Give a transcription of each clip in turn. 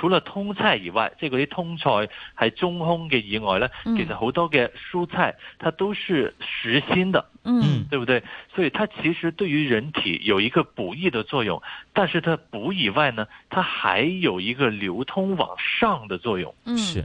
除了通菜以外，即係嗰啲通菜係中空嘅以外呢，其實好多嘅蔬菜，它都是實心的，嗯，對不對？所以它其實對於人體有一個補益的作用，但是它補以外呢，它還有一個流通往上的作用，嗯，是。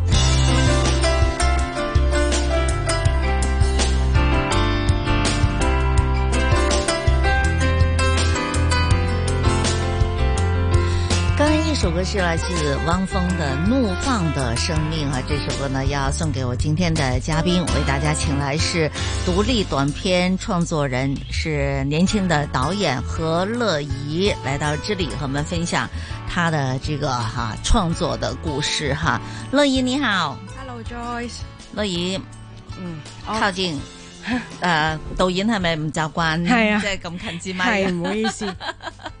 歌是來自汪峰的《怒放的生命》啊，這首歌呢，要送給我今天的嘉賓。我為大家請來是獨立短片創作人，是年輕的導演何樂怡來到這裏和我們分享她的這個哈、啊、創作的故事哈、啊。樂怡你好，Hello Joyce，樂怡，嗯，靠近，oh. 呃，導演係咪唔習慣？係啊，即係咁近之嘛，啊？係，唔好意思。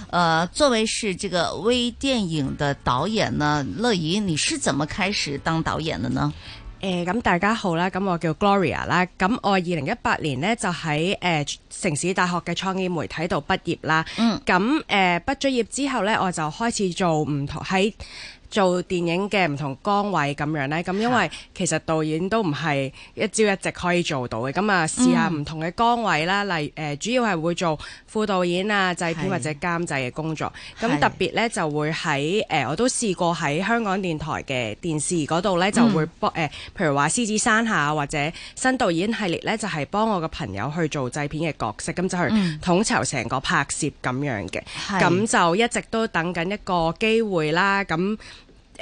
呃作為是這個微電影的導演呢，樂怡，你是怎麼開始當導演的呢？誒、呃，咁、呃、大家好啦，咁、呃、我叫 Gloria 啦、呃，咁我二零一八年呢，就喺誒、呃、城市大學嘅創意媒體度畢業啦，嗯、呃，咁、呃、誒畢咗業之後呢，我就開始做唔同喺，在做電影嘅唔同崗位咁樣呢，咁因為其實導演都唔係一朝一夕可以做到嘅，咁、嗯、啊試下唔同嘅崗位啦，例如主要係會做副導演啊、製片或者監製嘅工作。咁特別呢，就會喺誒我都試過喺香港電台嘅電視嗰度呢，就會幫、嗯、譬如話獅子山下或者新導演系列呢，就係幫我個朋友去做製片嘅角色，咁就去統籌成個拍攝咁、嗯、樣嘅。咁就一直都等緊一個機會啦，咁。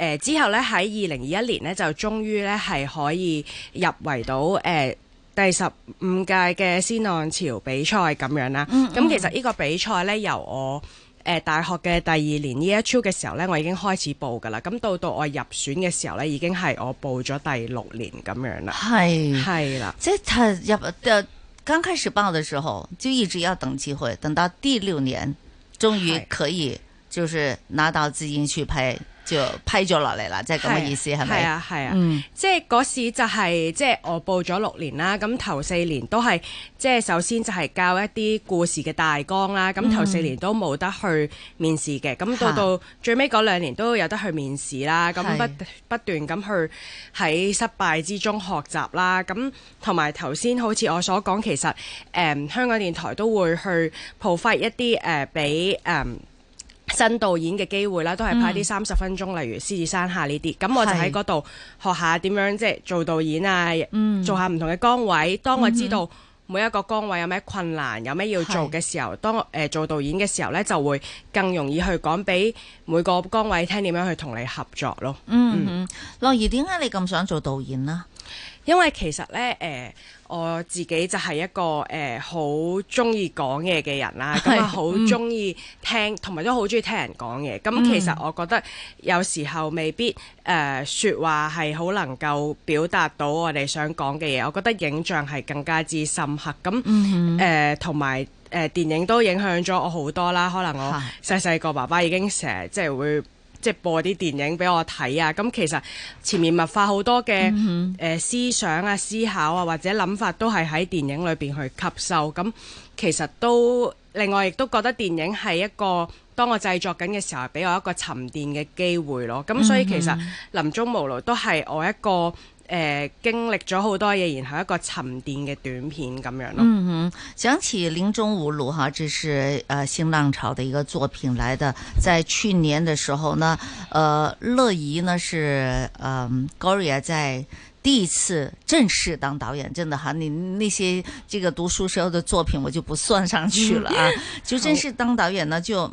誒、呃、之後咧，喺二零二一年咧，就終於咧係可以入圍到誒、呃、第十五屆嘅鮮浪潮比賽咁樣啦。咁、嗯、其實呢個比賽咧，由我誒、呃、大學嘅第二年 year two 嘅時候咧，我已經開始報㗎啦。咁到到我入選嘅時候咧，已經係我報咗第六年咁樣啦。係係啦，即係入誒，剛開始報嘅時候就一直要等機會，等到第六年，終於可以就是拿到資金去拍。就批咗落嚟啦，即係咁嘅意思，係咪？係啊，係啊。啊嗯、即係嗰時就係、是，即係我報咗六年啦。咁頭四年都係，即係首先就係教一啲故事嘅大綱啦。咁頭四年都冇得去面試嘅。咁、嗯、到到最尾嗰兩年都有得去面試啦。咁、啊、不不斷咁去喺失敗之中學習啦。咁同埋頭先好似我所講，其實誒、呃、香港電台都會去普及一啲誒俾誒。呃新導演嘅機會啦，都係拍啲三十分鐘、嗯，例如獅子山下呢啲。咁我就喺嗰度學下點樣即係做導演啊，嗯、做下唔同嘅崗位。當我知道每一個崗位有咩困難，有咩要做嘅時候，當誒、呃、做導演嘅時候呢，就會更容易去講俾每個崗位聽點樣去同你合作咯。嗯，樂、嗯、怡，點解你咁想做導演呢？因為其實呢。誒、呃。我自己就係一個誒好中意講嘢嘅人啦，咁啊好中意聽，同埋都好中意聽人講嘢。咁其實我覺得有時候未必誒、呃、説話係好能夠表達到我哋想講嘅嘢。我覺得影像係更加之深刻咁誒，同埋誒電影都影響咗我好多啦。可能我細細個爸爸已經成日即係會。即、係、播啲電影俾我睇啊！咁其實前面物化好多嘅誒思想啊、思考啊或者諗法都係喺電影裏邊去吸收。咁其實都另外亦都覺得電影係一個當我製作緊嘅時候，俾我一個沉澱嘅機會咯。咁所以其實臨終無路都係我一個。誒、呃、經歷咗好多嘢，然後一個沉澱嘅短片咁樣咯。嗯哼，想起《林中五路》哈、啊，這是、呃、新浪潮的一個作品來的。在去年的時候呢，誒樂怡呢是誒高瑞雅在第一次正式當導演。真的哈、啊，你那些這個讀書時候的作品我就不算上去了啊。 就正式當導演呢就。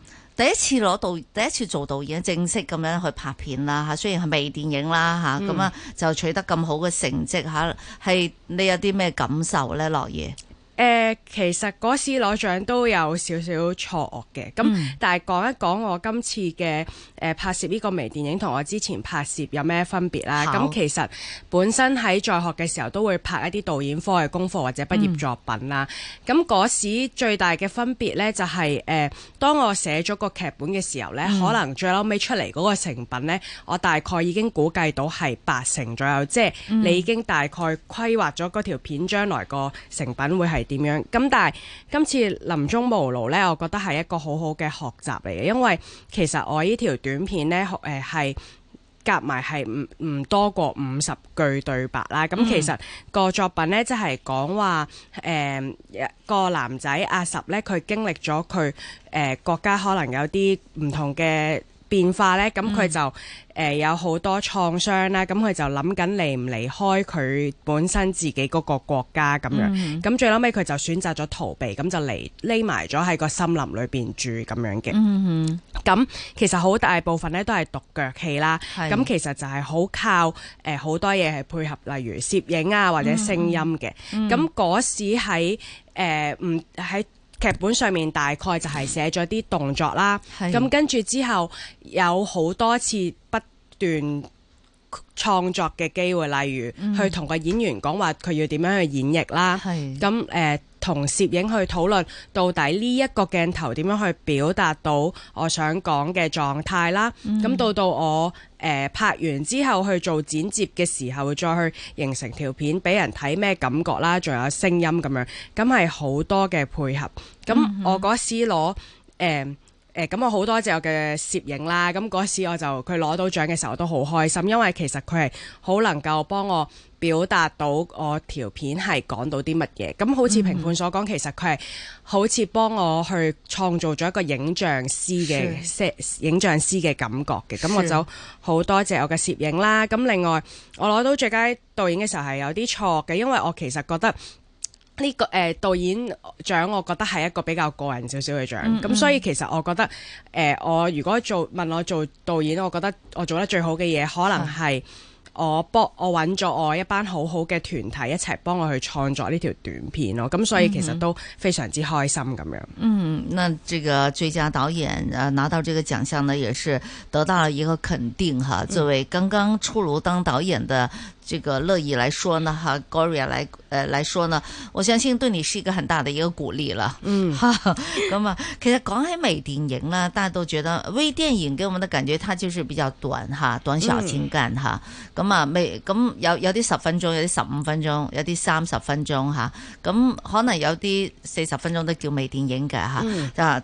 第一次攞導，第一次做導演，正式咁樣去拍片啦嚇，雖然係微電影啦嚇，咁啊就取得咁好嘅成績嚇，係你有啲咩感受咧，樂爺？誒、呃，其實嗰時攞獎都有少少錯愕嘅，咁、嗯、但係講一講我今次嘅誒、呃、拍攝呢個微電影同我之前拍攝有咩分別啦、啊？咁其實本身喺在，在學嘅時候都會拍一啲導演科嘅功課或者畢業作品啦、啊。咁、嗯、嗰時最大嘅分別呢、就是，就係誒，當我寫咗個劇本嘅時候呢、嗯，可能最後尾出嚟嗰個成品呢，我大概已經估計到係八成左右，嗯、即係你已經大概規劃咗嗰條片將來個成品會係。點樣？咁但係今次臨終無勞呢，我覺得係一個很好好嘅學習嚟嘅，因為其實我呢條短片呢，誒係夾埋係唔唔多過五十句對白啦。咁、嗯、其實個作品呢，即係講話誒個男仔阿、啊、十呢，佢經歷咗佢誒國家可能有啲唔同嘅。變化咧，咁佢就有好多創傷啦，咁、嗯、佢就諗緊離唔離開佢本身自己嗰個國家咁樣，咁、嗯嗯、最後尾佢就選擇咗逃避，咁就嚟匿埋咗喺個森林裏面住咁樣嘅。咁、嗯嗯、其實好大部分咧都係獨腳戲啦，咁其實就係好靠好多嘢係配合，例如攝影啊或者聲音嘅。咁、嗯、嗰、嗯、時喺誒唔喺。劇本上面大概就係寫咗啲動作啦，咁、嗯、跟住之後有好多次不斷創作嘅機會，例如去同個演員講話，佢要點樣去演繹啦，咁誒同攝影去討論到底呢一個鏡頭點樣去表達到我想講嘅狀態啦，咁、嗯、到到我。拍完之後去做剪接嘅時候，再去形成條片俾人睇咩感覺啦，仲有聲音咁樣，咁係好多嘅配合。咁、mm-hmm. 我嗰時攞誒咁我好多謝我嘅攝影啦。咁嗰時我就佢攞到獎嘅時候，我都好開心，因為其實佢係好能夠幫我。表達到我條片係講到啲乜嘢，咁好似評判所講、嗯嗯，其實佢係好似幫我去創造咗一個影像師嘅攝影像師嘅感覺嘅，咁我就好多謝我嘅攝影啦。咁另外我攞到最佳導演嘅時候係有啲錯嘅，因為我其實覺得呢、呢個誒、呃、導演獎，我覺得係一個比較個人少少嘅獎，咁、嗯嗯、所以其實我覺得誒、呃、我如果做問我做導演，我覺得我做得最好嘅嘢可能係。嗯。我幫我揾咗我一班好好嘅團體一齊幫我去創作呢條短片咯，咁所以其實都非常之開心咁樣。嗯，那這個最佳導演啊，拿到這個獎項呢，也是得到了一個肯定哈，嗯，作為剛剛出爐當導演的。這個樂怡來說呢，哈，Goria 來呃來說呢，我相信對你是一個很大的一個鼓勵了，嗯，哈，咁啊，其實講起微電影啦，大家都覺得微電影給我們的感覺，它就是比較短哈，短小精悍哈，咁、嗯、啊，微、嗯，咁、嗯、有有啲十分鐘，有啲十五分鐘，有啲三十分鐘哈，咁、嗯、可能有啲四十分鐘都叫微電影嘅哈，啊、嗯。嗯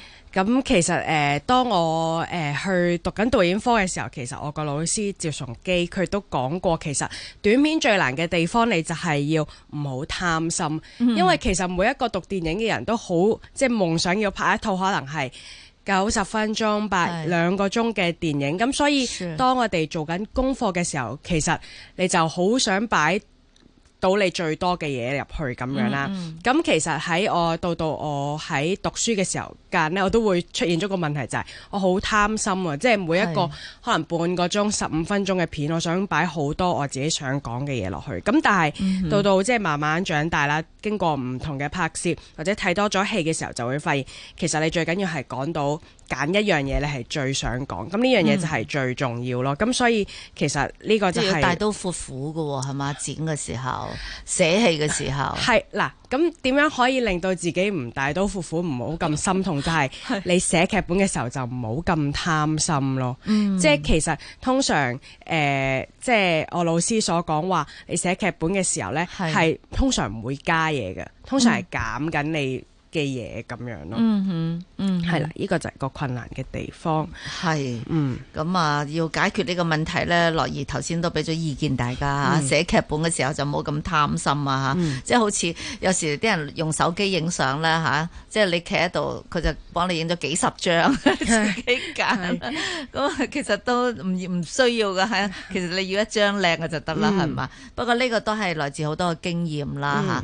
咁其實誒、呃，當我誒、呃、去讀緊導演科嘅時候，其實我個老師趙崇基佢都講過，其實短片最難嘅地方，你就係要唔好貪心，嗯、因為其實每一個讀電影嘅人都好，即係夢想要拍一套可能係九十分鐘、八兩個鐘嘅電影，咁所以當我哋做緊功課嘅時候，其實你就好想擺到你最多嘅嘢入去咁樣啦，咁、嗯嗯、其實喺我到到我喺讀書嘅時候間呢，我都會出現咗個問題就係、是、我好貪心啊，即係每一個可能半個鐘、十五分鐘嘅片，我想擺好多我自己想講嘅嘢落去。咁但係到到即係慢慢長大啦，嗯嗯經過唔同嘅拍攝或者睇多咗戲嘅時候，就會發現其實你最緊要係講到揀一樣嘢，你係最想講。咁、嗯、呢、嗯、樣嘢就係最重要咯。咁所以其實呢個就係、是、大刀闊斧㗎喎，係嘛？剪嘅時候。寫戲嘅時候係嗱，咁點樣可以令到自己唔大刀闊斧，唔好咁心痛？就係、是、你寫劇本嘅時候就唔好咁貪心咯。嗯、即係其實通常誒、呃，即係我老師所講話，你寫劇本嘅時候呢，係通常唔會加嘢嘅，通常係減緊你。嗯。嘅嘢咁樣咯，嗯哼，嗯係啦，呢、呢個就係個困難嘅地方，係，嗯，咁啊，要解決呢個問題咧，樂怡頭先都俾咗意見大家吓，寫、嗯、劇本嘅時候就冇咁貪心啊吓、嗯，即係好似有時啲人用手機影相咧吓，即係你企喺度，佢就幫你影咗幾十張，自己揀，咁其實都唔唔需要噶，係， 其實你要一張靚嘅就得啦，係、嗯、嘛，不過呢個都係來自好多嘅經驗啦吓。嗯啊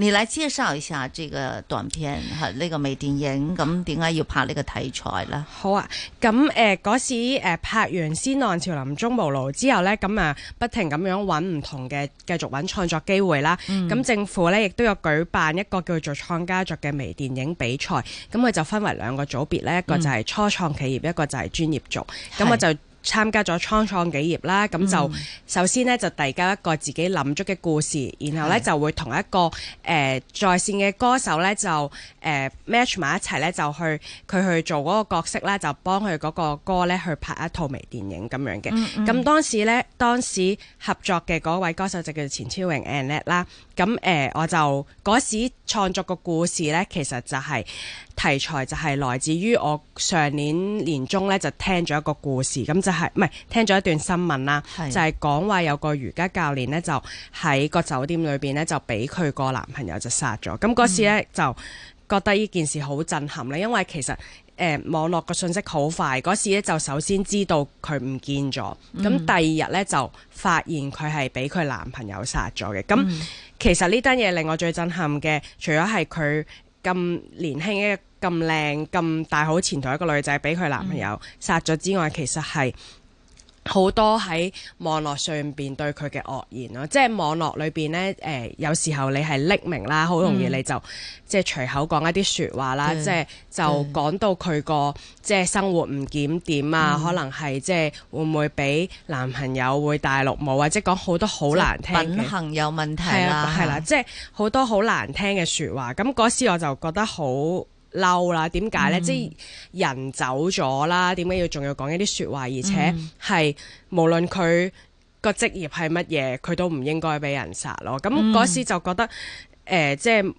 你來介紹一下這個短片吓，呢個微電影咁點解要拍呢個題材呢？好啊，咁誒嗰時誒拍完《先浪潮》林中無路之後呢，咁啊不停咁樣揾唔同嘅繼續揾創作機會啦。咁政府呢，亦都有舉辦一個叫做創家族嘅微電影比賽，咁佢就分為兩個組別呢一個就係初創企業，一個就係嗯、專業組，咁我就。參加咗創創企業啦，咁就首先呢，就提交一個自己諗咗嘅故事，然後呢，就會同一個誒、呃、在線嘅歌手呢，就誒 match 埋一齊呢，就去佢去做嗰個角色啦，就幫佢嗰個歌呢去拍一套微電影咁樣嘅。咁、嗯嗯、當時呢，當時合作嘅嗰位歌手就叫錢超榮 Annette 啦。咁、呃、誒，我就嗰時創作個故事呢，其實就係、是。題材就係來自於我上年年中咧就聽咗一個故事，咁就係唔係聽咗一段新聞啦，就係講話有個瑜伽教練咧就喺個酒店裏邊咧就俾佢個男朋友就殺咗，咁嗰時咧就覺得呢件事好震撼喇，因為其實誒、呃、網絡個信息好快，嗰時咧就首先知道佢唔見咗，咁第二日咧就發現佢係俾佢男朋友殺咗嘅，咁其實呢單嘢令我最震撼嘅，除咗係佢咁年輕嘅，咁靚咁大好前途一個女仔俾佢男朋友殺咗之外，嗯、其實係好多喺網絡上邊對佢嘅惡言咯，即係網絡裏邊呢，誒、呃，有時候你係匿名啦，好容易你就即係隨口講一啲說話啦，即係、嗯、就講到佢個即係生活唔檢點啊、嗯，可能係即係會唔會俾男朋友會戴綠帽，或者講好多好難聽、就是、品行有問題啦，係啦、啊啊啊啊啊，即係好多好難聽嘅說話，咁嗰時我就覺得好嬲啦？點解呢？即、mm. 係人走咗啦，點解要仲要講一啲說話？Mm. 而且係無論佢個職業係乜嘢，佢都唔應該俾人殺咯。咁、mm. 嗰時就覺得即係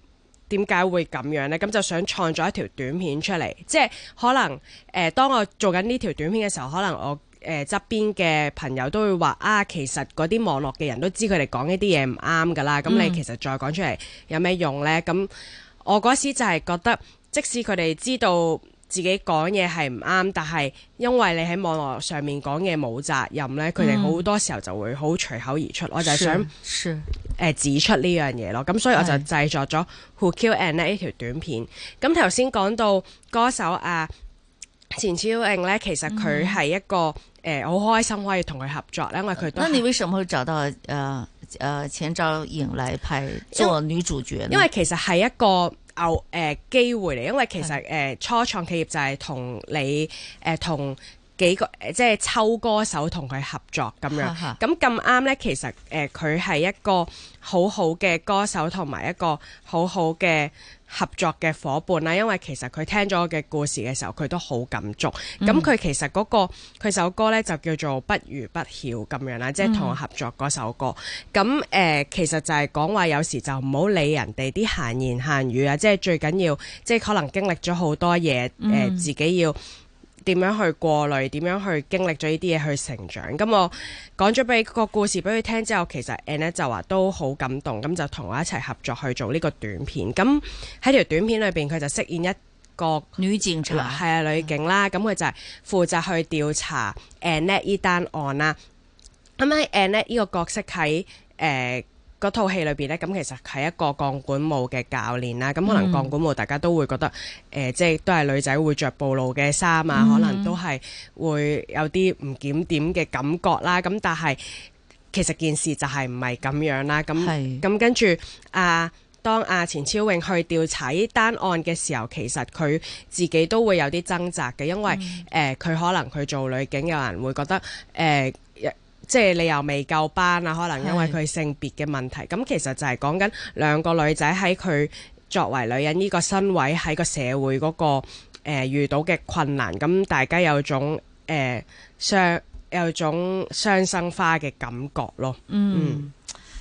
點解會咁樣呢？咁就想創造一條短片出嚟，即係可能誒、呃，當我做緊呢條短片嘅時候，可能我側、呃、邊嘅朋友都會話啊，其實嗰啲網絡嘅人都知佢哋講一啲嘢唔啱噶啦。咁、mm. 你其實再講出嚟有咩用呢？咁我嗰時就係覺得。即使佢哋知道自己講嘢係唔啱，但係因為你喺網絡上面講嘢冇責任呢，佢哋好多時候就會好隨口而出。我就想誒、呃、指出呢樣嘢咯。咁所以我就製作咗《Who Killed Anna》呢條短片。咁頭先講到歌手啊，錢超穎呢，其實佢係一個誒好、嗯呃、開心可以同佢合作，因為佢。那你為什麼會找到誒誒錢超穎嚟拍做女主角呢？因為，因為其實係一個。誒、呃、機會嚟，因為其實誒、呃、初創企業就係、呃、同你誒同。幾個呃、即係抽歌手同佢合作咁樣。咁咁啱呢，其實誒佢係一個好好嘅歌手，同埋一個好好嘅合作嘅伙伴啦。因為其實佢聽咗我嘅故事嘅時候，佢都好感觸。咁、嗯、佢其實嗰、嗰個佢首歌呢就叫做《不如不曉》咁樣啦，即係同我合作嗰首歌。咁、嗯呃、其實就係講話有時就唔好理人哋啲閒言閒語啊，即係最緊要，即係可能經歷咗好多嘢、嗯呃，自己要。點樣去過濾？點樣去經歷咗呢啲嘢，去成長？咁我講咗俾個故事俾佢聽之後，其實 Annette 就話都好感動，咁就同我一齊合作去做呢個短片。咁喺條短片裏邊，佢就飾演一個女警察，係啊女警啦。咁佢就係負責去調查 Annette 呢單案啦。咁喺 Annette 呢個角色喺誒。呃嗰套戲裏邊咧，咁其實係一個鋼管舞嘅教練啦。咁可能鋼管舞大家都會覺得，誒、嗯呃，即係都係女仔會着暴露嘅衫啊，可能都係會有啲唔檢點嘅感覺啦。咁但係其實件事就係唔係咁樣啦。咁咁跟住啊，當阿、啊、錢超永去調查單案嘅時候，其實佢自己都會有啲掙扎嘅，因為誒，佢、嗯呃、可能佢做女警，有人會覺得誒。呃即係你又未夠班啊，可能因為佢性別嘅問題。咁其實就係講緊兩個女仔喺佢作為女人呢個身位喺個社會嗰、那個、呃、遇到嘅困難。咁大家有種誒、呃、雙有種雙生花嘅感覺咯。嗯，嗯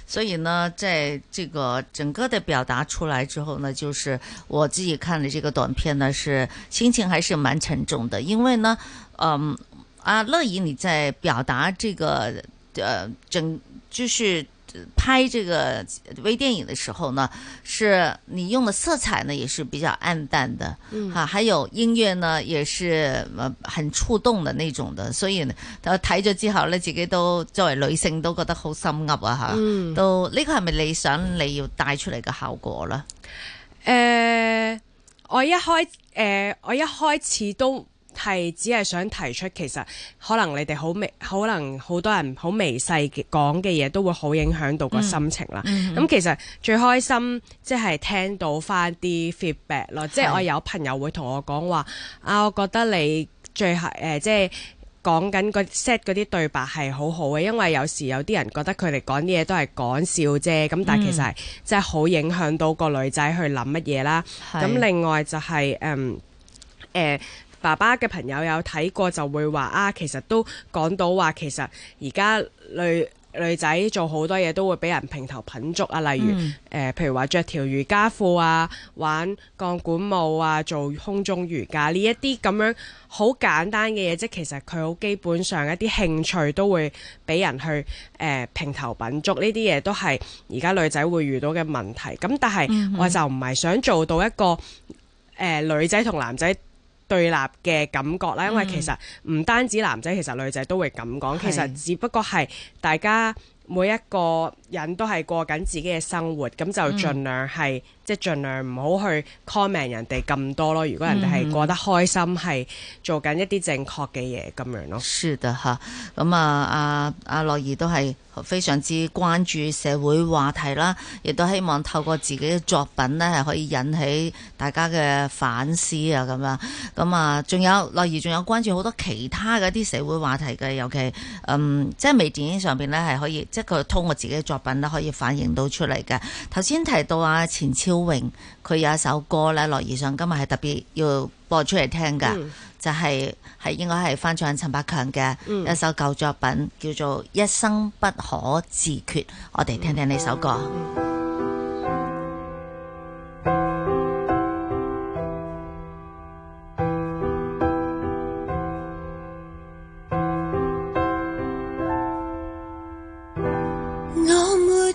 所以呢，在這個整個的表達出來之後呢，就是我自己看了這個短片呢，是心情還是蠻沉重的，因為呢，嗯。啊，樂怡，你在表達這個，呃，整就是拍這個微電影的時候呢，是你用的色彩呢，也是比較暗淡的，吓、嗯，還有音樂呢，也是呃很觸動的那種的，所以呢，睇咗之後呢，自己都作為女性都覺得好心悒啊，吓、嗯，都、啊、呢、這個係咪理想你要帶出嚟嘅效果啦？誒、呃，我一開誒、呃，我一開始都。係只係想提出，其實可能你哋好微，可能好多人好微細講嘅嘢，都會好影響到個心情啦。咁、mm-hmm. 其實最開心即係聽到翻啲 feedback 咯，即係我有朋友會同我講話啊，我覺得你最後誒、呃，即係講緊個 set 嗰啲對白係好好嘅，因為有時有啲人覺得佢哋講啲嘢都係講笑啫，咁但係其實係即係好影響到個女仔去諗乜嘢啦。咁另外就係嗯誒。呃呃爸爸嘅朋友有睇過就會話啊，其實都講到話，其實而家女女仔做好多嘢,都會俾人評頭品足啊。例如誒、嗯呃、譬如話着條瑜伽褲啊，玩鋼管舞啊，做空中瑜伽呢一啲咁樣好簡單嘅嘢，即其實佢好基本上一啲興趣都會俾人去誒、呃、評頭品足。呢啲嘢都係而家女仔會遇到嘅問題，咁但係我就唔係想做到一個誒、呃、女仔同男仔。對立嘅感覺啦，因為其實唔單止男仔，其實女仔都會咁講。其實只不過係大家每一個人都係過緊自己嘅生活，咁就盡量係、嗯、即係盡量唔好去 comment 人哋咁多咯。如果人哋係過得開心，係、嗯、做緊一啲正確嘅嘢，咁樣咯。是的，吓，咁啊，阿阿樂怡都係非常之關注社會話題啦，亦都希望透過自己嘅作品咧，係可以引起大家嘅反思啊，咁樣咁啊，仲有樂怡仲有關注好多其他嘅一啲社會話題嘅，尤其嗯，即係微電影上邊咧係可以，即係佢通過自己嘅作品。品咧，可以反映到出嚟噶。頭先提到啊，錢超榮，佢有一首歌咧，樂怡上今日係特別要播出嚟聽噶，嗯、就係、是、係應該係翻唱陳百強嘅一首舊作品，叫做《一生不可自決》，我哋聽聽呢首歌。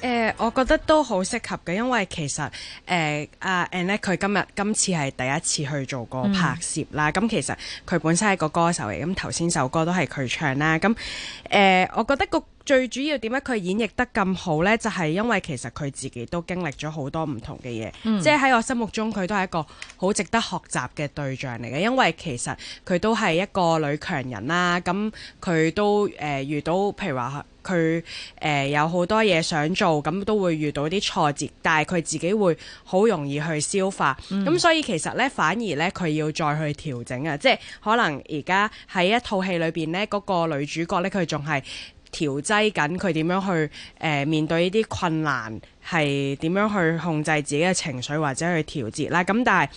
誒、呃，我覺得都好適合嘅，因為其實誒、呃、啊 Ann 佢今日今次係第一次去做個拍攝、嗯、啦。咁其實佢本身係個歌手嚟，咁頭先首歌都係佢唱啦。咁、呃、誒，我覺得個。最主要點解佢演繹得咁好呢？就係、是、因為其實佢自己都經歷咗好多唔同嘅嘢，即係喺我心目中佢都係一個好值得學習嘅對象嚟嘅。因為其實佢都係一個女強人啦，咁佢都誒、呃、遇到譬如話佢誒有好多嘢想做，咁都會遇到啲挫折，但係佢自己會好容易去消化，咁、嗯、所以其實呢，反而呢，佢要再去調整啊，即、就、係、是、可能而家喺一套戲裏邊呢，嗰、那個女主角呢，佢仲係。調劑緊佢點樣去、呃、面對呢啲困難，係點樣去控制自己嘅情緒或者去調節啦？咁但係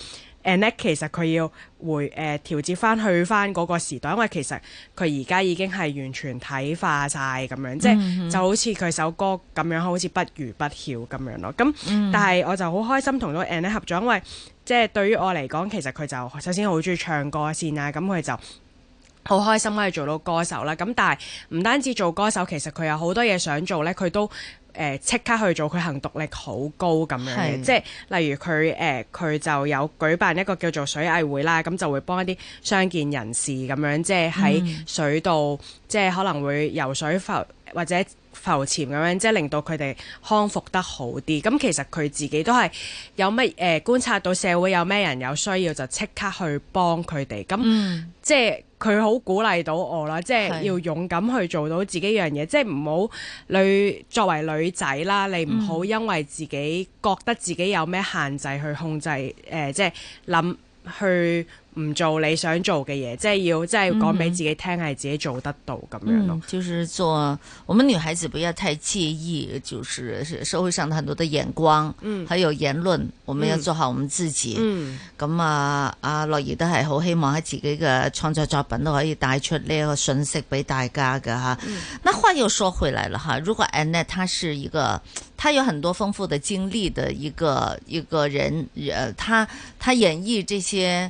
Annette 其實佢要回誒、呃、調節翻去翻嗰個時代，因為其實佢而家已經係完全體化晒咁樣，即、mm-hmm. 係就，就好似佢首歌咁樣，好似不如不曉咁樣咯。咁但係我就好開心同到 Annette 合作，因為即係對於我嚟講，其實佢就首先好中意唱歌先啊，咁佢就。好開心可以做到歌手啦，咁但係唔單止做歌手，其實佢有好多嘢想做呢，佢都誒呃、即刻去做，佢行動力好高咁樣嘅，即係例如佢誒佢就有舉辦一個叫做水藝會啦，咁就會幫一啲傷健人士咁樣，即係喺水度、嗯，即係可能會游水浮。或者浮潛咁樣，即係令到佢哋康復得好啲。咁其實佢自己都係有乜誒、呃、觀察到社會有咩人有需要，就即刻去幫佢哋。咁、嗯、即係佢好鼓勵到我啦，即係要勇敢去做到自己一樣嘢。即係唔好女作為女仔啦，你唔好因為自己覺得自己有咩限制去控制、呃、即係諗去。唔做你想做嘅嘢，即係要，即係講俾自己聽係自己做得到咁、嗯、樣咯、嗯。就是做，我們女孩子不要太介意，就是社會上的很多的眼光，嗯，還有言論，我們要做好我們自己。嗯，咁、嗯、啊，阿樂怡都係好希望喺自己嘅創作作品都可以帶出呢個信息俾大家噶吓、嗯。那話又說回來了哈，如果 And 呢，他是一個，他有很多豐富的經歷的，一個一個人，呃，他他演繹這些。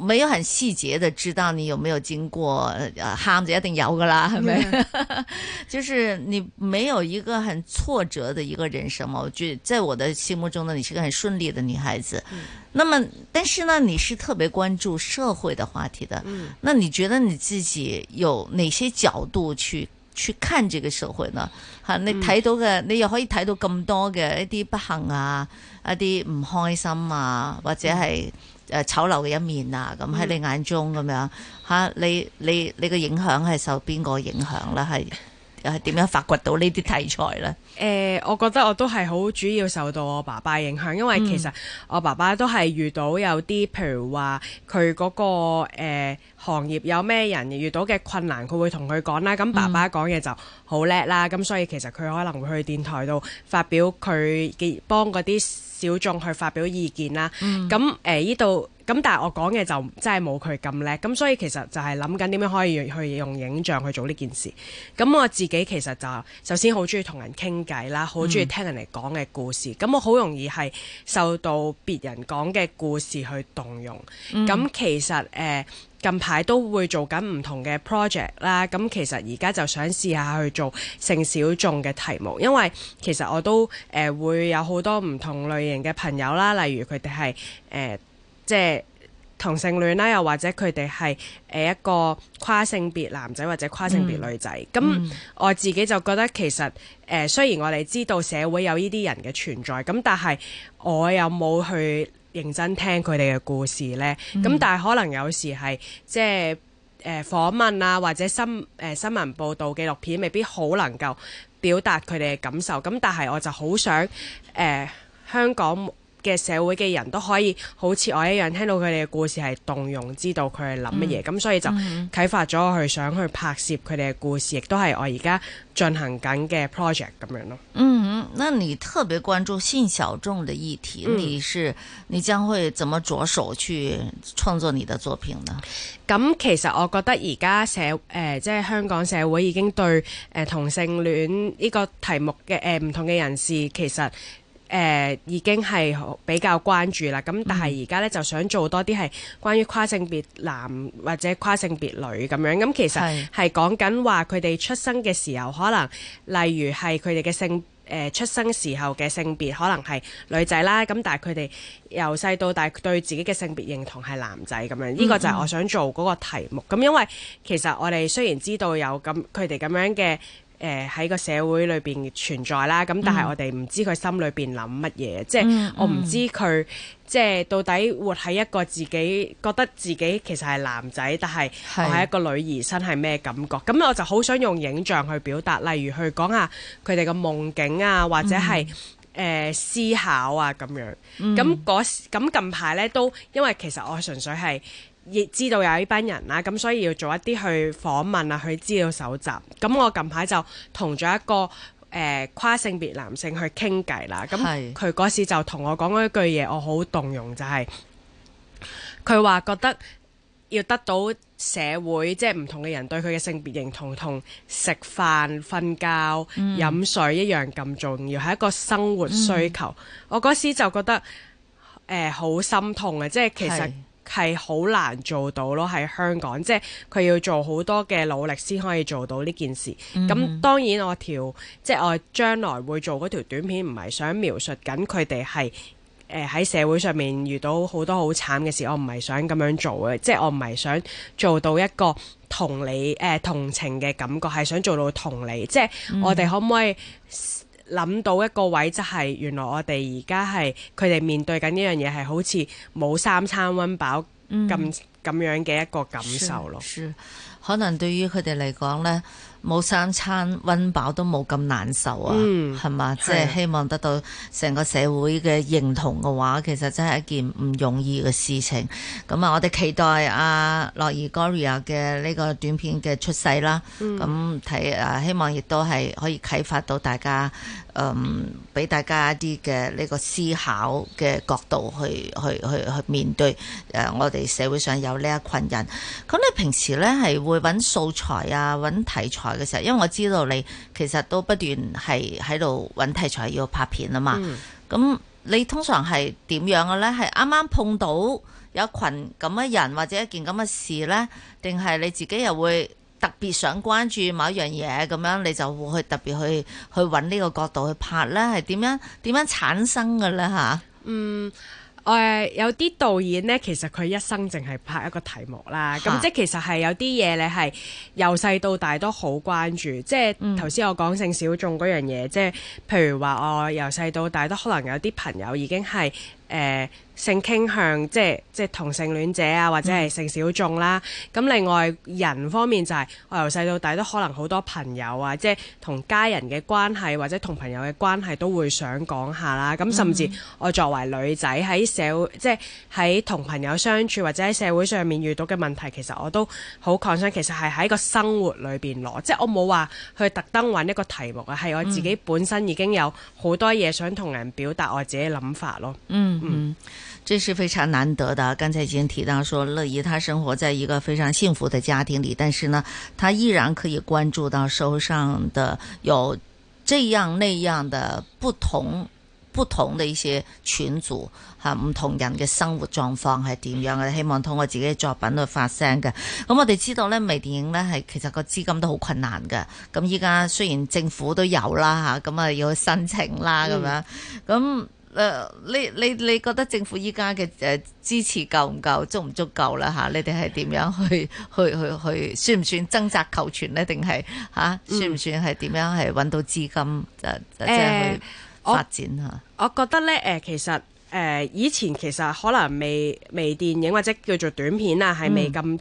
沒有很細節的知道你有沒有經過，喊就一定有㗎啦，係咪？ 就是你沒有一個很挫折的一個人生嘛。我覺得在我的心目中呢，你是個很順利的女孩子。嗯、那麼，但是呢，你是特別關注社會的話題的。嗯。那你覺得你自己有哪些角度去去看這個社會呢？好、嗯啊，你睇到嘅，你又可以睇到咁多嘅一啲不幸啊，一啲唔開心啊，或者係。誒、呃、醜陋嘅一面啊，咁喺你眼中咁樣吓、啊，你你你個影響係受邊個影響咧？係誒點樣發掘到呢啲題材咧？誒、呃，我覺得我都係好主要受到我爸爸影響，因為其實我爸爸都係遇到有啲譬如話、那個，佢嗰個誒行業有咩人遇到嘅困難，佢會同佢講啦。咁爸爸講嘢就好叻啦，咁、嗯、所以其實佢可能會去電台度發表佢嘅幫嗰啲。小眾去發表意見啦，咁呢度咁，但係我講嘅就真係冇佢咁叻，咁所以其實就係諗緊點樣可以去用影像去做呢件事。咁我自己其實就首先好中意同人傾偈啦，好中意聽人哋講嘅故事。咁、嗯、我好容易係受到別人講嘅故事去動容。咁、嗯、其實誒。呃近排都會做緊唔同嘅 project 啦，咁其實而家就想試下去做性小眾嘅題目，因為其實我都誒會有好多唔同類型嘅朋友啦，例如佢哋係即係同性戀啦，又或者佢哋係一個跨性別男仔或者跨性別女仔，咁、嗯、我自己就覺得其實誒、呃、雖然我哋知道社會有呢啲人嘅存在，咁但係我有冇去認真聽佢哋嘅故事呢，咁、嗯、但係可能有時係即係誒、呃、訪問啊，或者新誒、呃、新聞報導、紀錄片，未必好能夠表達佢哋嘅感受，咁但係我就好想誒、呃、香港。嘅社會嘅人都可以好似我一樣聽到佢哋嘅故事係動容，知道佢係諗乜嘢，咁、嗯、所以就啟發咗我去想去拍攝佢哋嘅故事，亦都係我而家進行緊嘅 project 咁樣咯。嗯，那你特別關注性小眾嘅議題，你是你將會怎麼着手去創作你的作品呢？咁、嗯、其實我覺得而家社誒即係香港社會已經對誒、呃、同性戀呢個題目嘅誒唔同嘅人士其實。誒、呃、已經係比較關注啦，咁但係而家咧就想做多啲係關於跨性別男或者跨性別女咁樣，咁其實係講緊話佢哋出生嘅時候可能，例如係佢哋嘅性、呃、出生時候嘅性別可能係女仔啦，咁但係佢哋由細到大對自己嘅性別認同係男仔咁樣，呢、呢個就係我想做嗰個題目咁，因為其實我哋雖然知道有咁佢哋咁樣嘅。誒喺個社會裏邊存在啦，咁但係我哋唔知佢心裏邊諗乜嘢，即係我唔知佢、嗯、即係到底活喺一個自己覺得自己其實係男仔，但係我係一個女兒是身係咩感覺？咁我就好想用影像去表達，例如去講下佢哋嘅夢境啊，或者係誒、嗯呃、思考啊咁樣。咁、嗯、咁近排呢，都，因為其實我純粹係。亦知道有呢班人啦，咁所以要做一啲去訪問啊，去資料搜集。咁我近排就同咗一個誒、呃、跨性別男性去傾偈啦。咁佢嗰時就同我講嗰一句嘢，我好動容，就係，佢話覺得要得到社會即係唔同嘅人對佢嘅性別認同，同食飯瞓覺飲、嗯、水一樣咁重要，係一個生活需求。嗯、我嗰時就覺得誒好、呃、心痛啊，即、就、係、是、其實。係好難做到咯，喺香港即係佢要做好多嘅努力先可以做到呢件事。咁、嗯、當然我條即係我將來會做嗰條短片，唔係想描述緊佢哋係喺社會上面遇到好多好慘嘅事。我唔係想咁樣做嘅，即係我唔係想做到一個同理誒、呃、同情嘅感覺，係想做到同理，嗯、即係我哋可唔可以？諗到一個位，就係原來我哋而家係佢哋面對緊呢樣嘢，係好似冇三餐温飽咁、嗯、咁樣嘅一個感受咯。可能對於佢哋嚟講呢，冇三餐温飽都冇咁難受啊，係、嗯、嘛？即係、就是、希望得到成個社會嘅認同嘅話，其實真係一件唔容易嘅事情。咁啊，我哋期待阿樂怡嘅呢個短片嘅出世啦。咁、嗯、睇啊，希望亦都係可以啟發到大家。嗯，俾大家一啲嘅呢個思考嘅角度去去去去面對誒、呃，我哋社會上有呢一群人。咁你平時咧係會揾素材啊，揾題材嘅時候，因為我知道你其實都不斷係喺度揾題材要拍片啊嘛。咁、嗯、你通常係點樣嘅咧？係啱啱碰到有群咁嘅人或者一件咁嘅事呢？定係你自己又會？特別想關注某樣嘢咁樣，你就會去特別去去揾呢個角度去拍啦。係點樣點樣產生嘅咧吓？嗯，誒、呃、有啲導演呢，其實佢一生淨係拍一個題目啦。咁即係其實係有啲嘢你係由細到大都好關注。即係頭先我講性小眾嗰樣嘢，嗯、即係譬如話我由細到大都可能有啲朋友已經係誒。呃性傾向，即係即係同性戀者啊，或者係性小眾啦。咁、嗯、另外人方面就係、是、我由細到大都可能好多朋友啊，即係同家人嘅關係或者同朋友嘅關係都會想講下啦。咁、嗯、甚至我作為女仔喺社會即係喺同朋友相處或者喺社會上面遇到嘅問題，其實我都好抗張。其實係喺個生活裏面攞，即係我冇話去特登揾一個題目啊，係、嗯、我自己本身已經有好多嘢想同人表達我自己嘅諗法咯。嗯嗯。這是非常難得的。剛才已經提到說，樂怡她生活在一個非常幸福的家庭裏，但是呢，她依然可以關注到社會上的有這樣那樣的不同、不同的一些群組，吓唔同人嘅生活狀況係點樣嘅，希望通過自己嘅作品去發聲嘅。咁我哋知道呢微電影呢係其實個資金都好困難嘅。咁依家雖然政府都有啦吓，咁啊要申請啦咁樣咁。嗯那誒、呃，你你你覺得政府依家嘅，誒支持夠唔夠足唔足夠啦吓？你哋係點樣去去去去，算唔算掙扎求存呢？定係吓算唔算係點樣係搵到資金？即係去發展吓、嗯。我覺得咧，誒，其實誒、呃，以前其實可能未微電影或者叫做短片啊，係未咁。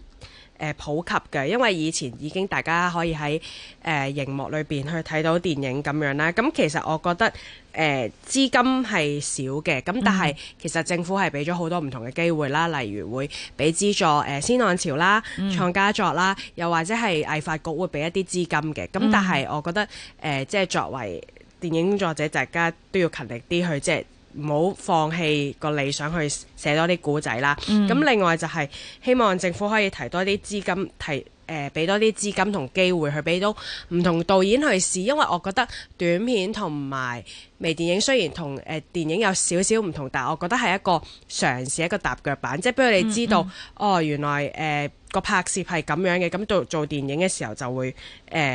誒普及嘅，因為以前已經大家可以喺誒熒幕裏邊去睇到電影咁樣啦。咁其實我覺得誒、呃、資金係少嘅，咁但係其實政府係俾咗好多唔同嘅機會啦，例如會俾資助誒先浪潮啦、創、嗯、佳作啦，又或者係藝發局會俾一啲資金嘅。咁但係我覺得誒、呃，即係作為電影作者，大家都要勤力啲去即係。唔好放棄個理想去寫多啲故仔啦。咁、嗯、另外就係希望政府可以提多啲資金，提誒俾、呃、多啲資金同機會去俾到唔同導演去試。因為我覺得短片同埋微電影雖然同誒、呃、電影有少少唔同，但我覺得係一個嘗試一個踏腳板，即係不如你知道嗯嗯哦，原來誒個、呃、拍攝係咁樣嘅，咁做做電影嘅時候就會誒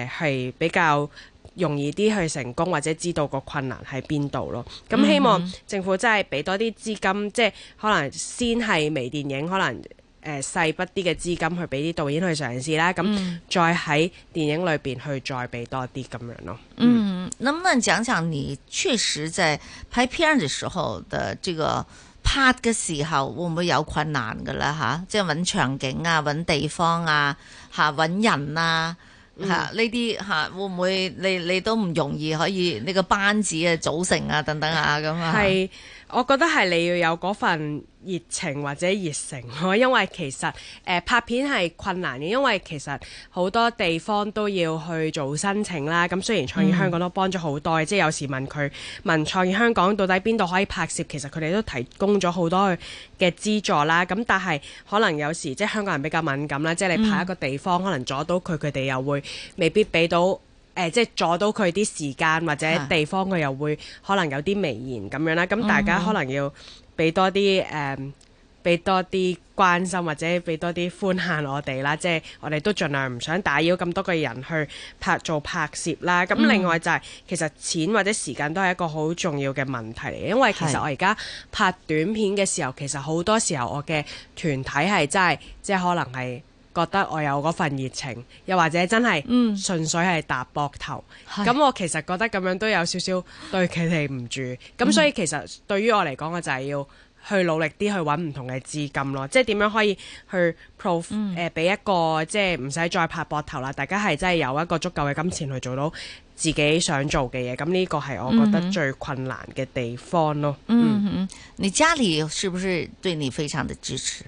係、呃、比較。容易啲去成功或者知道個困難喺邊度咯，咁希望政府真係俾多啲資金，嗯、即係可能先係微電影，可能誒、呃、細筆啲嘅資金去俾啲導演去嘗試啦，咁、嗯、再喺電影裏邊去再俾多啲咁樣咯。嗯，能唔能講講你確實在拍片的時候的這個拍嘅時候，會唔會有困難㗎啦？嚇、啊，揾、即係、場景啊，揾地方啊，嚇、啊、揾人啊？吓、嗯，呢啲吓，會唔會你你都唔容易可以呢個班子，嘅組成啊等等啊，咁啊？係。我覺得係你要有嗰份熱情或者熱誠，因為其實、呃、拍片係困難嘅，因為其實好多地方都要去做申請啦。咁雖然創意香港都幫咗好多、嗯、即係有時問佢問創意香港到底邊度可以拍攝，其實佢哋都提供咗好多嘅資助啦。咁但係可能有時即係香港人比較敏感啦，即係你拍一個地方可能阻到佢，佢哋又會未必俾到。誒、呃，即係阻到佢啲時間或者地方，佢又會可能有啲微言咁樣啦。咁、嗯嗯、大家可能要俾多啲誒，俾、呃、多啲關心或者俾多啲寬限我哋啦。即係我哋都盡量唔想打擾咁多個人去拍做拍攝啦。咁另外就係、是嗯、其實錢或者時間都係一個好重要嘅問題嚟。因為其實我而家拍短片嘅時候，其實好多時候我嘅團體係真係即係可能係。覺得我有嗰份熱情，又或者真係純粹係搭膊頭，咁、嗯、我其實覺得咁樣都有少少對佢哋唔住，咁所以其實對於我嚟講，我就係要去努力啲去搵唔同嘅資金咯，即係點樣可以去 prove、呃、誒，俾一個即係唔使再拍膊頭啦，大家係真係有一個足夠嘅金錢去做到自己想做嘅嘢，咁呢個係我覺得最困難嘅地方咯嗯。嗯，你家裏是不是對你非常的支持？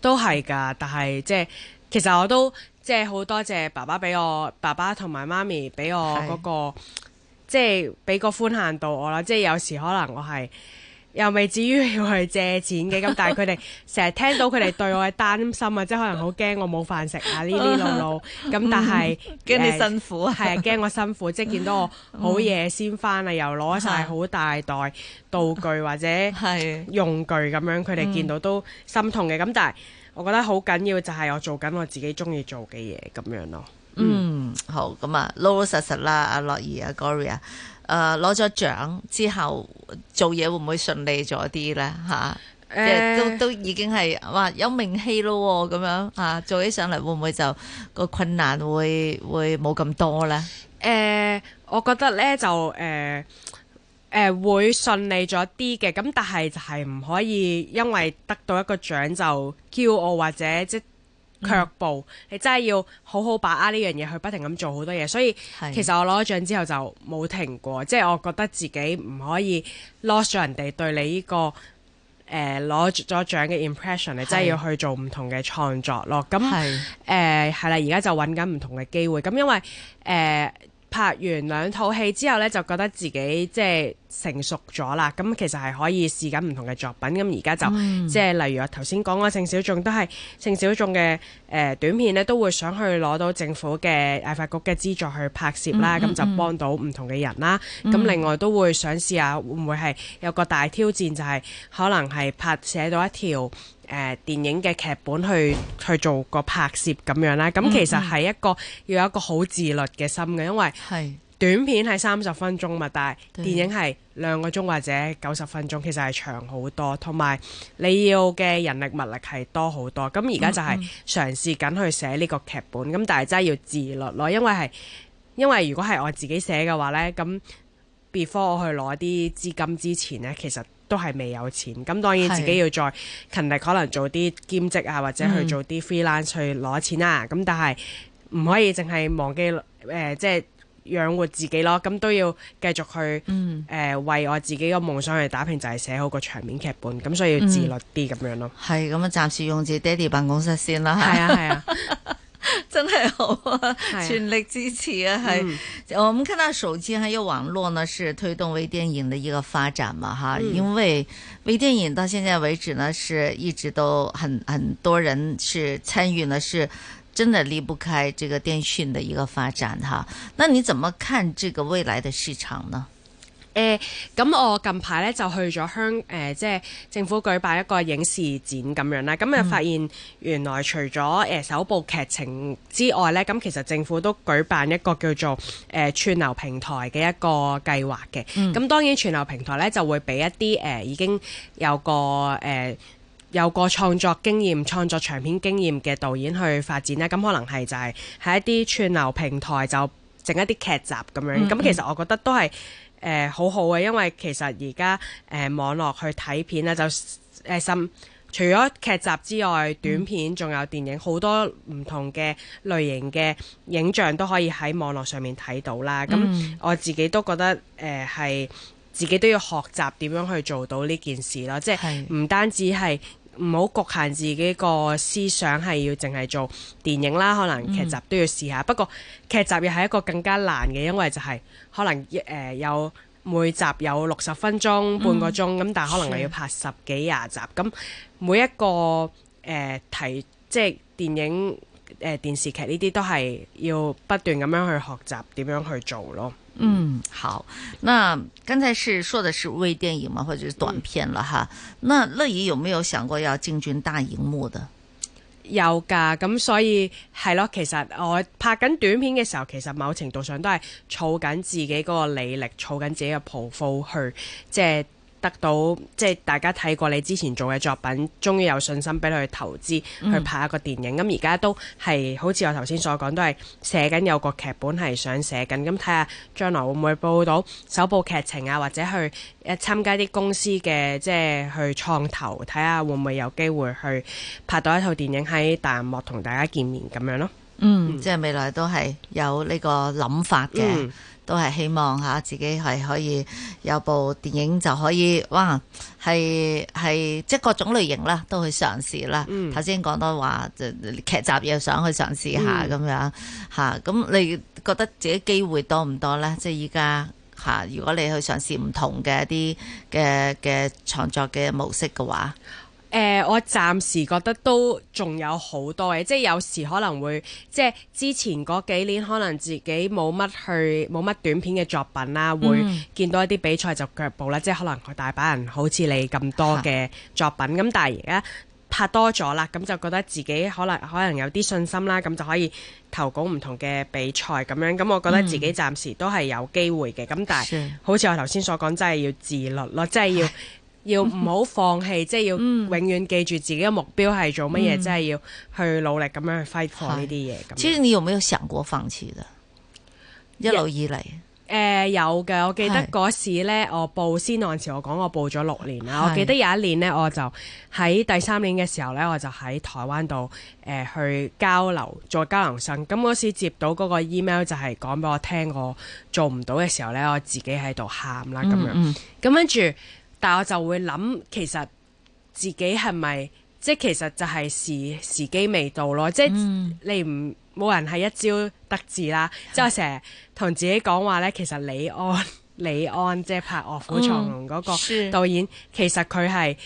都係噶，但係即係，其實我都即係好多謝爸爸俾我，爸爸同埋媽咪俾我嗰個，即係俾個寬限到我啦。即係有時可能我係。又未至於要去借錢嘅咁，但係佢哋成日聽到佢哋對我嘅擔心啊， 即係可能好驚我冇飯食啊呢啲路路咁、嗯，但係驚你辛苦，係啊驚我辛苦，嗯、即係、嗯、見到我好夜先翻嚟，又攞晒好大袋道具或者用具咁樣，佢哋見到都心痛嘅。咁、嗯、但係我覺得好緊要就係我做緊我自己中意做嘅嘢咁樣咯、嗯。嗯，好咁啊，那老老實實啦，阿樂怡阿 Gloria。誒、呃，攞咗獎之後做嘢會唔會順利咗啲呢？吓、欸？都都已經係哇有名氣咯，咁樣吓做起上嚟會唔會就個困難會會冇咁多呢？誒、欸，我覺得呢，就誒誒、呃呃、會順利咗啲嘅。咁但係就係唔可以因為得到一個獎就驕傲或者即。卻、嗯、步，你真係要好好把握呢樣嘢去不停咁做好多嘢，所以其實我攞咗獎之後就冇停過，是即係我覺得自己唔可以 lost 咗人哋對你呢、呢個誒攞咗獎嘅 impression，你真係要去做唔同嘅創作咯。咁誒係啦，而家、呃、就揾緊唔同嘅機會。咁因為誒、呃、拍完兩套戲之後呢，就覺得自己即係。成熟咗啦，咁其實係可以試緊唔同嘅作品。咁而家就即係、mm-hmm. 例如我頭先講嘅性小眾，都係性小眾嘅誒短片咧，都會想去攞到政府嘅藝發局嘅資助去拍攝啦。咁、mm-hmm. 就幫到唔同嘅人啦。咁、mm-hmm. 另外都會想試下會唔會係有個大挑戰，就係、是、可能係拍寫到一條誒、呃、電影嘅劇本去去做個拍攝咁樣啦。咁、mm-hmm. 其實係一個要有一個好自律嘅心嘅，因為係。短片係三十分鐘嘛，但係電影係兩個鐘或者九十分鐘，其實係長好多，同埋你要嘅人力物力係多好多。咁而家就係嘗試緊去寫呢個劇本，咁、嗯嗯、但係真係要自律咯，因為係因為如果係我自己寫嘅話呢，咁 before 我去攞啲資金之前呢，其實都係未有錢。咁當然自己要再勤力，可能做啲兼職啊，或者去做啲 freelance 去攞錢啦。咁、嗯、但係唔可以淨係忘記誒、呃，即係。養活自己咯，咁都要繼續去誒、嗯呃、為我自己嘅夢想去打拼，就係、是、寫好個場面劇本，咁、嗯、所以要自律啲咁樣咯。係咁啊，咁暫時用住爹哋辦公室先啦。係啊係啊，啊 真係好啊，啊，全力支持啊！係、嗯，我們看到手機還有網絡呢，是推動微電影的一個發展嘛？吓、嗯，因為微電影到現在為止呢，是一直都很很多人是參與呢，是。真的離不開這個電訊的一個發展哈，那你怎麼看這個未來的市場呢？誒、欸，咁我近排咧就去咗香誒、即、呃、係政府舉辦一個影視展咁樣啦，咁啊發現原來除咗誒、呃、首部劇情之外咧，咁其實政府都舉辦一個叫做誒、呃、串流平台嘅一個計劃嘅，咁、嗯、當然串流平台咧就會俾一啲誒、呃、已經有個誒。呃有個創作經驗、創作長片經驗嘅導演去發展啦。咁可能係就係喺一啲串流平台就整一啲劇集咁樣。咁、mm-hmm. 其實我覺得都係、呃、好好嘅，因為其實而家誒網絡去睇片咧，就誒、呃、甚除咗劇集之外，短片仲、mm-hmm. 有電影好多唔同嘅類型嘅影像都可以喺網絡上面睇到啦。咁、mm-hmm. 我自己都覺得誒係、呃、自己都要學習點樣去做到呢件事啦，mm-hmm. 即係唔單止係。唔好局限自己個思想，係要淨係做電影啦。可能劇集都要試下、嗯，不過劇集又係一個更加難嘅，因為就係、是、可能誒、呃、有每集有六十分鐘、嗯、半個鐘咁，但係可能我要拍十幾廿集咁。每一個誒提、呃、即係電影誒、呃、電視劇呢啲，都係要不斷咁樣去學習點樣去做咯。嗯，好。那剛才是說的是微電影嘛，或者是短片了哈，嗯？那樂怡有沒有想過要進軍大熒幕的？有噶，咁所以係咯。其實我拍緊短片嘅時候，其實某程度上都係儲緊自己嗰個履歷，儲緊自己嘅抱 r 去即係。得到即係大家睇過你之前做嘅作品，終於有信心俾佢投資去拍一個電影。咁而家都係好似我頭先所講，都係寫緊有個劇本係想寫緊，咁睇下將來會唔會報到首部劇情啊，或者去參加啲公司嘅即係去創投，睇下會唔會有機會去拍到一套電影喺大銀幕同大家見面咁樣咯。嗯，即係未來都係有呢個諗法嘅。嗯都係希望嚇自己係可以有部電影就可以，哇！係係即係各種類型啦，都去嘗試啦。頭先講到話就劇集又想去嘗試一下咁、嗯、樣嚇，咁你覺得自己機會多唔多呢？即係依家嚇，如果你去嘗試唔同嘅一啲嘅嘅創作嘅模式嘅話。誒、呃，我暫時覺得都仲有好多嘅，即係有時可能會，即係之前嗰幾年可能自己冇乜去冇乜短片嘅作品啦，嗯、會見到一啲比賽就腳步啦，即係可能佢大把人好似你咁多嘅作品，咁、啊、但係而家拍多咗啦，咁就覺得自己可能可能有啲信心啦，咁就可以投稿唔同嘅比賽咁樣，咁我覺得自己暫時都係有機會嘅，咁、嗯、但係好似我頭先所講，真係要自律咯，即係要。要唔好放棄、嗯，即係要永遠記住自己嘅目標係做乜嘢、嗯，即係要去努力咁樣去 fight for 呢啲嘢。咁，即係你有冇有想過放棄啦？Yeah, 一路以嚟，誒、呃、有嘅。我記得嗰時咧，我報先按住我講，我報咗六年啦。我記得有一年呢，我就喺第三年嘅時候咧，我就喺台灣度誒去交流做交流生。咁嗰時接到嗰個 email 就係講俾我聽，我做唔到嘅時候咧，我自己喺度喊啦咁樣。咁跟住。嗯但我就會諗，其實自己係咪即係其實就係時時機未到咯，嗯，即係你唔冇人係一朝得志啦。是即係我成日同自己講話咧，其實李安李安即係拍《臥虎藏龍》嗰、嗯個，導演，是其實佢係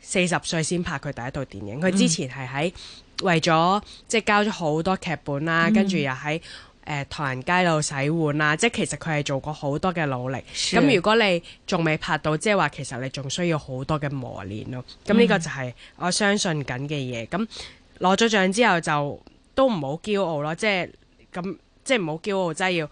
四十歲先拍佢第一套電影。佢之前係喺、嗯、為咗即係交咗好多劇本啦，跟、嗯、住又喺。誒、呃、唐人街度洗碗啦，即係其實佢係做過好多嘅努力。咁如果你仲未拍到，即係話其實你仲需要好多嘅磨練咯。咁、嗯、呢個就係我相信緊嘅嘢。咁攞咗獎之後就都唔好驕傲咯，即係，咁即係唔好驕傲，即、就、係、是、要。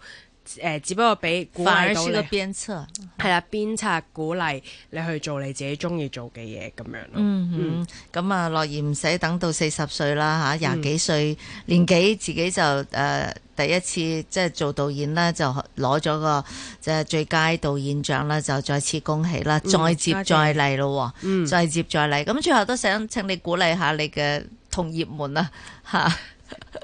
誒、呃，只不過俾鼓勵到你，反而係個鞭策，係、嗯、啦、啊，鞭策鼓勵你去做你自己中意做嘅嘢咁樣咯。嗯嗯。咁、嗯、啊，樂、嗯、怡唔使等到四十歲啦嚇，廿幾歲、嗯、年紀自己就誒、呃、第一次即係做導演啦，就攞咗個即係最佳導演獎啦、嗯，就再次恭喜啦、嗯，再接姐姐再厲咯。嗯。再接再厲。咁最後都想請你鼓勵下你嘅同業們啦。嚇、啊。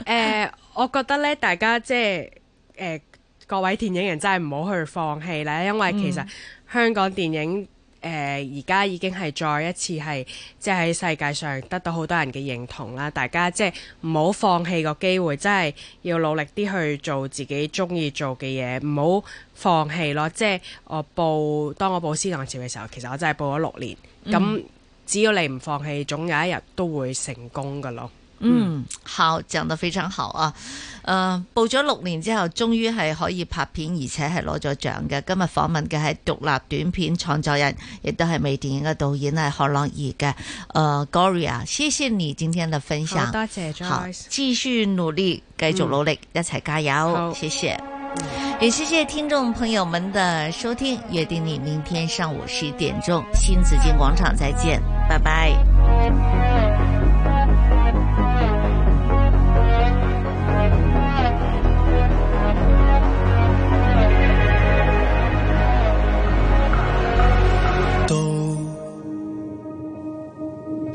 誒、 呃，我覺得咧，大家即係誒。呃各位電影人真係唔好去放棄咧，因為其實香港電影誒而家已經係再一次係即係喺世界上得到好多人嘅認同啦。大家即係唔好放棄個機會，真係要努力啲去做自己中意做嘅嘢，唔好放棄咯。即係我報，當我報斯坦池嘅時候，其實我真係報咗六年。咁只要你唔放棄，總有一日都會成功噶咯。嗯，好，講得非常好啊！誒、呃，報咗六年之後，終於係可以拍片，而且係攞咗獎嘅。今日訪問嘅係獨立短片創作人，亦都係微電影嘅導演係何樂怡嘅。誒、呃、，Goria，謝謝你今天的分享，多謝，謝，好，繼續努力，繼續努力，嗯、一齊加油，謝謝、嗯，也謝謝聽眾朋友們嘅收聽。約定你明天上午十點鐘，新紫荊廣場再見，拜拜。嗯